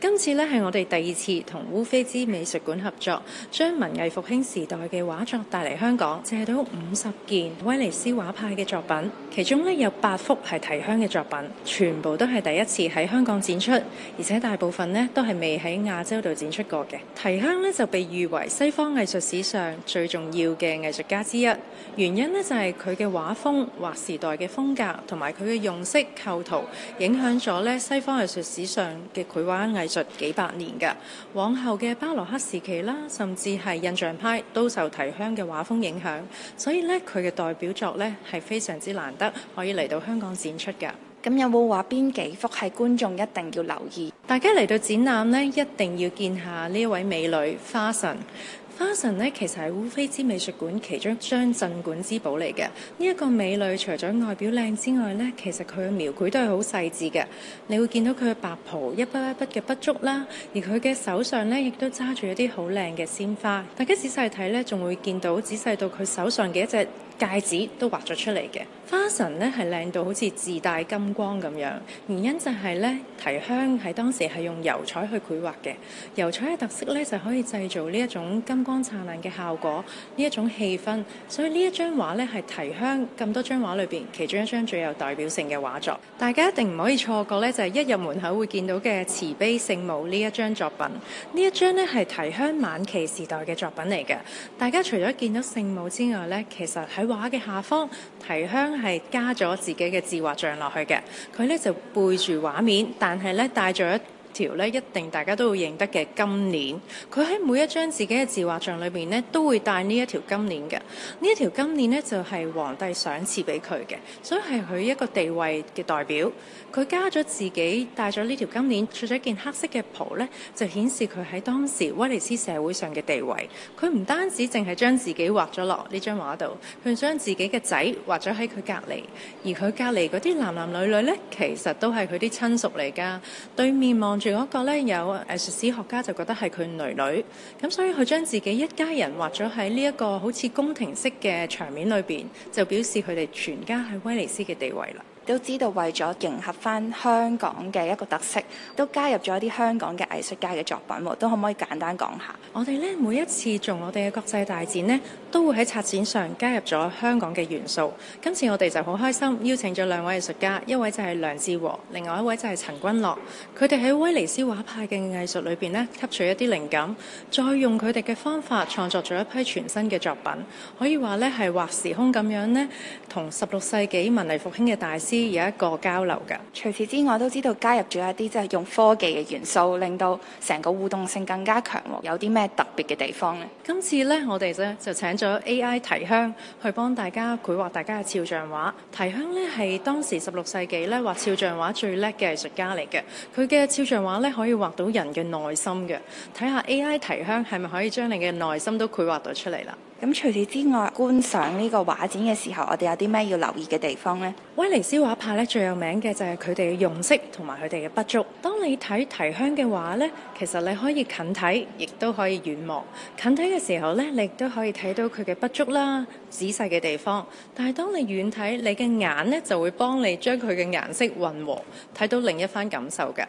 今次咧係我哋第二次同烏菲茲美術館合作，將文藝復興時代嘅畫作帶嚟香港，借到五十件威尼斯畫派嘅作品，其中咧有八幅係提香嘅作品，全部都係第一次喺香港展出，而且大部分咧都係未喺亞洲度展出過嘅。提香咧就被譽為西方藝術史上最重要嘅藝術家之一，原因咧就係佢嘅畫風或時代嘅風格，同埋佢嘅用色構圖影響咗咧西方藝術史上嘅繪畫藝術。出幾百年嘅，往後嘅巴羅克時期啦，甚至係印象派都受提香嘅畫風影響，所以呢，佢嘅代表作呢，係非常之難得可以嚟到香港展出嘅。咁有冇話邊幾幅係觀眾一定要留意？大家嚟到展覽呢，一定要見下呢一位美女花神。花神呢，其實係烏菲茲美術館其中一張鎮館之寶嚟嘅。呢一個美女除咗外表靚之外咧，其實佢嘅描繪都係好細緻嘅。你會見到佢嘅白袍一筆一筆嘅筆觸啦，而佢嘅手上咧亦都揸住一啲好靚嘅鮮花。大家仔細睇咧，仲會見到仔細到佢手上嘅一隻戒指都畫咗出嚟嘅。花神咧係靚到好似自帶金光咁樣，原因就係咧，提香係當時係用油彩去繪畫嘅。油彩嘅特色咧就可以製造呢一種金光燦爛嘅效果，呢一種氣氛，所以呢一張畫呢係提香咁多張畫裏邊，其中一張最有代表性嘅畫作。大家一定唔可以錯過呢，就係一入門口會見到嘅慈悲聖母呢一張作品。呢一張呢係提香晚期時代嘅作品嚟嘅。大家除咗見到聖母之外呢，其實喺畫嘅下方，提香係加咗自己嘅自畫像落去嘅。佢呢就背住畫面，但係呢帶咗一。條咧一定大家都會認得嘅金鏈，佢喺每一張自己嘅自畫像裏面咧都會戴呢一條金鏈嘅。呢一條金鏈呢，就係皇帝賞賜俾佢嘅，所以係佢一個地位嘅代表。佢加咗自己戴咗呢條金鏈，除咗件黑色嘅袍呢，就顯示佢喺當時威尼斯社會上嘅地位。佢唔單止淨係將自己畫咗落呢張畫度，佢將自己嘅仔畫咗喺佢隔離，而佢隔離嗰啲男男女女呢，其實都係佢啲親屬嚟㗎。對面望。住嗰個咧，有藝術史學家就覺得係佢女女，咁所以佢將自己一家人畫咗喺呢一個好似宮廷式嘅場面裏邊，就表示佢哋全家係威尼斯嘅地位啦。都知道為咗迎合翻香港嘅一個特色，都加入咗一啲香港嘅藝術家嘅作品喎，都可唔可以簡單講下？我哋咧每一次做我哋嘅國際大展呢，都會喺策展上加入咗香港嘅元素。今次我哋就好開心，邀請咗兩位藝術家，一位就係梁志和，另外一位就係陳鈞樂。佢哋喺威尼斯畫派嘅藝術裏邊呢，吸取一啲靈感，再用佢哋嘅方法創作咗一批全新嘅作品。可以話呢係畫時空咁樣呢，同十六世紀文藝復興嘅大。有一個交流㗎。除此之外，都知道加入咗一啲即係用科技嘅元素，令到成個互動性更加強。有啲咩特別嘅地方呢？今次呢，我哋咧就請咗 AI 提香去幫大家繪畫大家嘅肖像畫。提香呢係當時十六世紀咧畫肖像畫最叻嘅藝術家嚟嘅。佢嘅肖像畫呢可以畫到人嘅內心嘅。睇下 AI 提香係咪可以將你嘅內心都繪畫到出嚟啦？咁除此之外，觀賞呢個畫展嘅時候，我哋有啲咩要留意嘅地方呢？威尼斯畫派咧最有名嘅就係佢哋嘅用色同埋佢哋嘅筆觸。當你睇提香嘅畫呢，其實你可以近睇，亦都可以遠望。近睇嘅時候呢，你都可以睇到佢嘅筆觸啦、仔細嘅地方。但係當你遠睇，你嘅眼呢就會幫你將佢嘅顏色混和，睇到另一番感受嘅。